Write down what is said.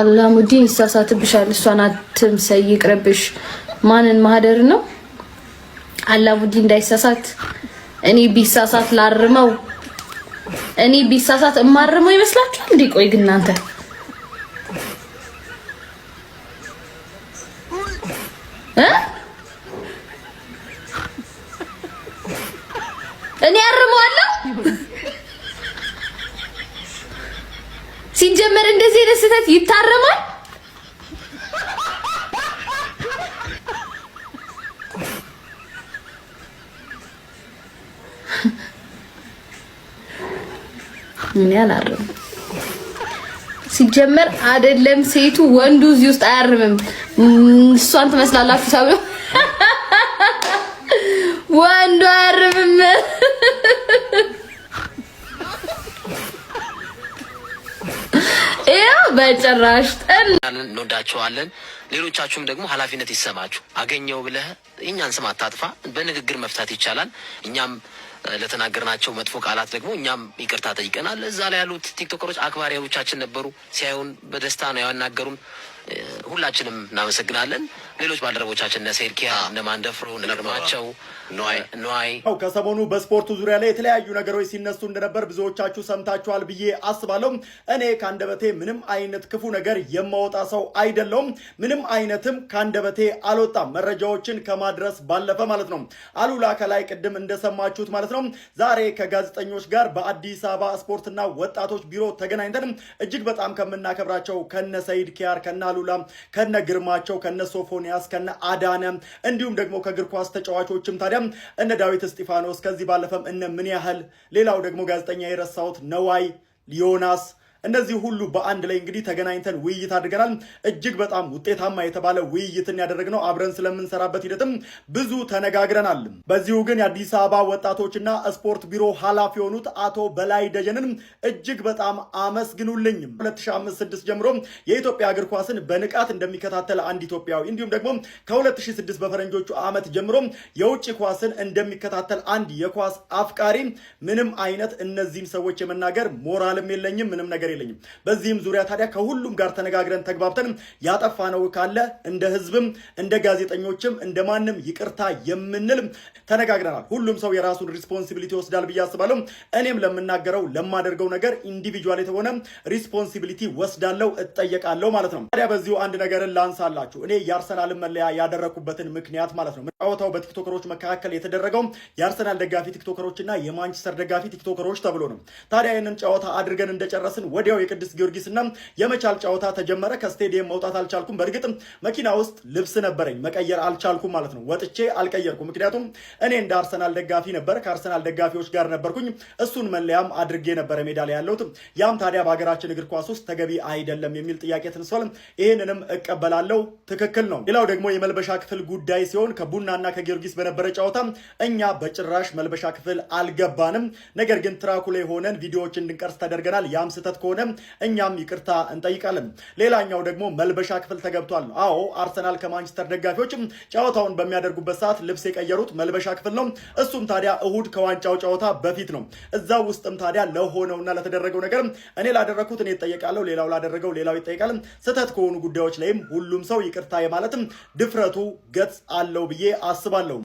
አላሙዲን ይሳሳትብሻል። እሷን አትምሰይ፣ ይቅርብሽ። ማንን ማህደር ነው? አላሙዲን እንዳይሳሳት እኔ ቢሳሳት ላርመው። እኔ ቢሳሳት እማርመው ይመስላችኋል? እንዲህ ቆይ ግን እናንተ ሲጀመር እንደዚህ አይነት ስህተት ይታረማል? እኔ አላርም። ሲጀመር አይደለም ሴቱ ወንዱ እዚህ ውስጥ አያርምም። እሷን ትመስላላችሁ ተብሎ በጭራሽ እንወዳቸዋለን። ሌሎቻችሁም ደግሞ ኃላፊነት ይሰማችሁ። አገኘው ብለህ እኛን ስም አታጥፋ። በንግግር መፍታት ይቻላል። እኛም ለተናገርናቸው መጥፎ ቃላት ደግሞ እኛም ይቅርታ ጠይቀናል። እዛ ላይ ያሉት ቲክቶከሮች አክባሪዎቻችን ነበሩ። ሲያዩን በደስታ ነው ያናገሩን። ሁላችንም እናመሰግናለን። ሌሎች ባልደረቦቻችን እነ ሴርኪያ እነ ማንደፍሮ እነ ነዋይ ከሰሞኑ በስፖርቱ ዙሪያ ላይ የተለያዩ ነገሮች ሲነሱ እንደነበር ብዙዎቻችሁ ሰምታችኋል ብዬ አስባለሁ። እኔ ከአንደበቴ ምንም አይነት ክፉ ነገር የማወጣ ሰው አይደለውም። ምንም አይነትም ከአንደበቴ አልወጣም፣ መረጃዎችን ከማድረስ ባለፈ ማለት ነው። አሉላ ከላይ ቅድም እንደሰማችሁት ማለት ነው ዛሬ ከጋዜጠኞች ጋር በአዲስ አበባ ስፖርትና ወጣቶች ቢሮ ተገናኝተን እጅግ በጣም ከምናከብራቸው ከነ ሰይድ ኪያር ከነ አሉላ ከነ ግርማቸው ከነ ሶፎን ኢኮንያስ ከነ አዳነ እንዲሁም ደግሞ ከእግር ኳስ ተጫዋቾችም ታዲያ እነ ዳዊት እስጢፋኖስ ከዚህ ባለፈም እነ ምን ያህል ሌላው ደግሞ ጋዜጠኛ የረሳሁት ነዋይ ዮናስ እነዚህ ሁሉ በአንድ ላይ እንግዲህ ተገናኝተን ውይይት አድርገናል። እጅግ በጣም ውጤታማ የተባለ ውይይትን ያደረግነው አብረን ስለምንሰራበት ሂደትም ብዙ ተነጋግረናል። በዚሁ ግን የአዲስ አበባ ወጣቶችና ስፖርት ቢሮ ኃላፊ የሆኑት አቶ በላይ ደጀንን እጅግ በጣም አመስግኑልኝ። 2056 ጀምሮ የኢትዮጵያ እግር ኳስን በንቃት እንደሚከታተል አንድ ኢትዮጵያዊ እንዲሁም ደግሞ ከ2006 በፈረንጆቹ ዓመት ጀምሮ የውጭ ኳስን እንደሚከታተል አንድ የኳስ አፍቃሪ ምንም አይነት እነዚህም ሰዎች የመናገር ሞራልም የለኝም ምንም ነገር የለኝም። በዚህም ዙሪያ ታዲያ ከሁሉም ጋር ተነጋግረን ተግባብተን ያጠፋ ነው ካለ እንደ ህዝብም እንደ ጋዜጠኞችም እንደ ማንም ይቅርታ የምንል ተነጋግረናል። ሁሉም ሰው የራሱን ሪስፖንሲቢሊቲ ይወስዳል ብዬ አስባለሁ። እኔም ለምናገረው ለማደርገው ነገር ኢንዲቪጁዋል የተሆነ ሪስፖንሲቢሊቲ ወስዳለሁ፣ እጠየቃለሁ ማለት ነው። ታዲያ በዚሁ አንድ ነገርን ላንሳላችሁ። እኔ የአርሰናልን መለያ ያደረኩበትን ምክንያት ማለት ነው ጨዋታው በቲክቶከሮች መካከል የተደረገው የአርሰናል ደጋፊ ቲክቶከሮች እና የማንቸስተር ደጋፊ ቲክቶከሮች ተብሎ ነው። ታዲያ ይህንን ጨዋታ አድርገን እንደጨረስን ወደ ወዲያው የቅዱስ ጊዮርጊስና የመቻል ጨዋታ ተጀመረ። ከስቴዲየም መውጣት አልቻልኩም። በእርግጥም መኪና ውስጥ ልብስ ነበረኝ መቀየር አልቻልኩም ማለት ነው። ወጥቼ አልቀየርኩም። ምክንያቱም እኔ እንደ አርሰናል ደጋፊ ነበር፣ ከአርሰናል ደጋፊዎች ጋር ነበርኩኝ። እሱን መለያም አድርጌ ነበረ ሜዳ ላይ ያለሁት። ያም ታዲያ በሀገራችን እግር ኳስ ውስጥ ተገቢ አይደለም የሚል ጥያቄ ተነስቷል። ይህንንም እቀበላለሁ፣ ትክክል ነው። ሌላው ደግሞ የመልበሻ ክፍል ጉዳይ ሲሆን ከቡናና ከጊዮርጊስ በነበረ ጨዋታ እኛ በጭራሽ መልበሻ ክፍል አልገባንም። ነገር ግን ትራኩ ላይ ሆነን ቪዲዮዎች እንድንቀርስ ተደርገናል። ያም ስህተት ከሆነ እኛም ይቅርታ እንጠይቃለን። ሌላኛው ደግሞ መልበሻ ክፍል ተገብቷል። አዎ አርሰናል ከማንቸስተር ደጋፊዎች ጨዋታውን በሚያደርጉበት ሰዓት ልብስ የቀየሩት መልበሻ ክፍል ነው። እሱም ታዲያ እሁድ ከዋንጫው ጨዋታ በፊት ነው። እዛ ውስጥም ታዲያ ለሆነውና ለተደረገው ነገር እኔ ላደረግኩት እኔ ይጠየቃለሁ፣ ሌላው ላደረገው ሌላው ይጠየቃል። ስህተት ከሆኑ ጉዳዮች ላይም ሁሉም ሰው ይቅርታ የማለትም ድፍረቱ ገጽ አለው ብዬ አስባለሁ።